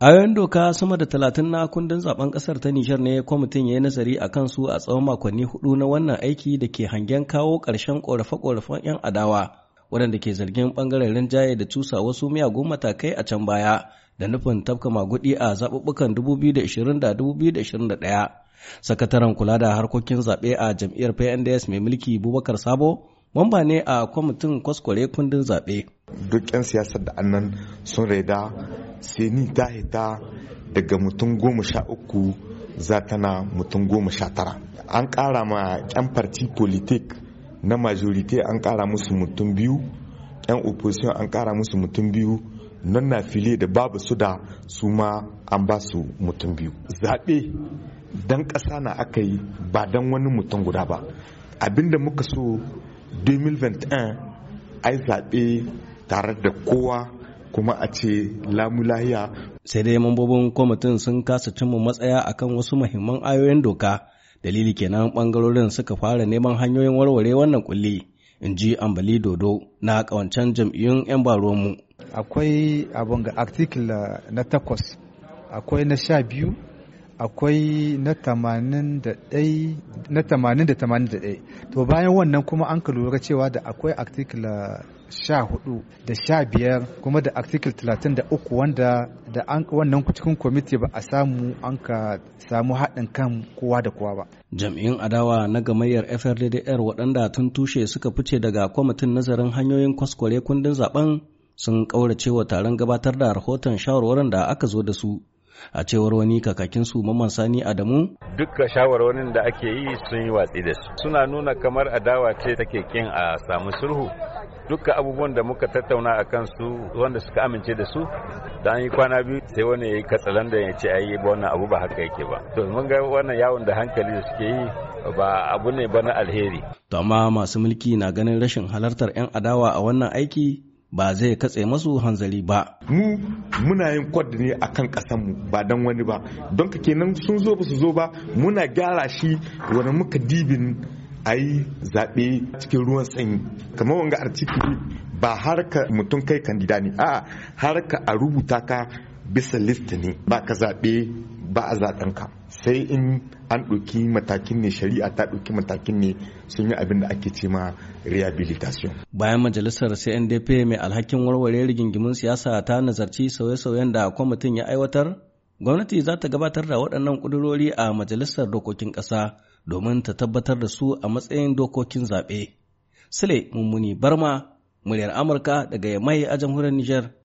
yayin doka sama da talatin na kundin zaben kasar ta Nijar ne kwamitin ya yi nazari a kansu a tsawon makonni hudu na wannan aiki da ke hangen kawo ƙarshen ƙorafe-ƙorafen 'yan adawa waɗanda ke zargin ɓangaren rinjaye da cusa wasu miyagun matakai a can baya da nufin tafka magudi a zaɓuɓɓukan 2020 da 2021. Sakataren kula da harkokin zaɓe a jam'iyyar PNDS mai mulki Bubakar Sabo mamba ne a kwamitin kwaskware kundin zaɓe. Duk 'yan siyasar da annan sun raida seni ta hita daga mutum goma sha uku za na mutum goma sha tara an ƙara ma 'yan parti politik na majorite an ƙara musu mutum biyu 'yan opposition an ƙara musu mutum biyu non na file da babu su da su ma an ba su mutum biyu zaɓe dan ƙasa na aka yi ba dan wani mutum guda ba abinda muka so 2021 ai zaɓe tare da kowa kuma a ce lamu Sai dai mambobin kwamitin sun kasa cimma matsaya akan wasu muhimman ayoyin doka. Dalili kenan bangarorin suka fara neman hanyoyin warware wannan kulli. In ji Ambali Dodo na kawancen jam'iyyun 'yan baromu. Akwai abin ga article na takwas, akwai na sha biyu, akwai na tamanin da ɗai na 80 81 to bayan wannan kuma an ka lura cewa da akwai article 14 da 15 kuma da article 33 wanda da wannan cikin kwamiti ba a samu an ka samu haɗin kan kowa da kowa ba jam'in adawa na gamayyar FRDDR waɗanda tun tushe suka fice daga kwamitin nazarin hanyoyin kwaskware kundin zaben sun ƙaurace taron gabatar da rahoton shawarwarin da aka zo da su a cewar wani kakakin su Mamman Sani Adamu Dukka shawarwarin da ake yi sun yi watsi da su suna nuna kamar adawa ce take kin a samu sulhu Dukka abubuwan da muka tattauna a su wanda suka amince da su da an yi kwana biyu sai wani ya yi katsalan da ya ce ayi ba wannan abu ba haka yake ba to mun ga wannan yawon da hankali da suke yi ba abu ne ba na alheri to masu mulki na ganin rashin halartar 'yan adawa a wannan aiki ba zai katse masu hanzali ba. Mu muna yin kwad ne a kan ƙasanmu ba don wani ba, don ka kenan sun zo ba su zo ba muna gyara shi wani muka dibin a yi zaɓe cikin ruwan sanyi. Kamar wanga artikuli ba harka mutum kai kandida ne, a'a ka a rubuta ka bisa list ne ba ka zaɓe ba a zaɓen ka. sai in an ɗauki matakin ne shari'a ta ɗauki matakin ne sun yi abin da ake ce ma rehabilitation. Bayan majalisar CNDP mai alhakin warware rigingimin siyasa ta nazarci sauye-sauyen da kwamitin ya aiwatar, gwamnati za ta gabatar da waɗannan ƙudurori a majalisar dokokin ƙasa domin ta tabbatar da su a matsayin dokokin zaɓe. Sule Mummuni Barma, muryar Amurka daga Yamai a jamhuriyar Nijar.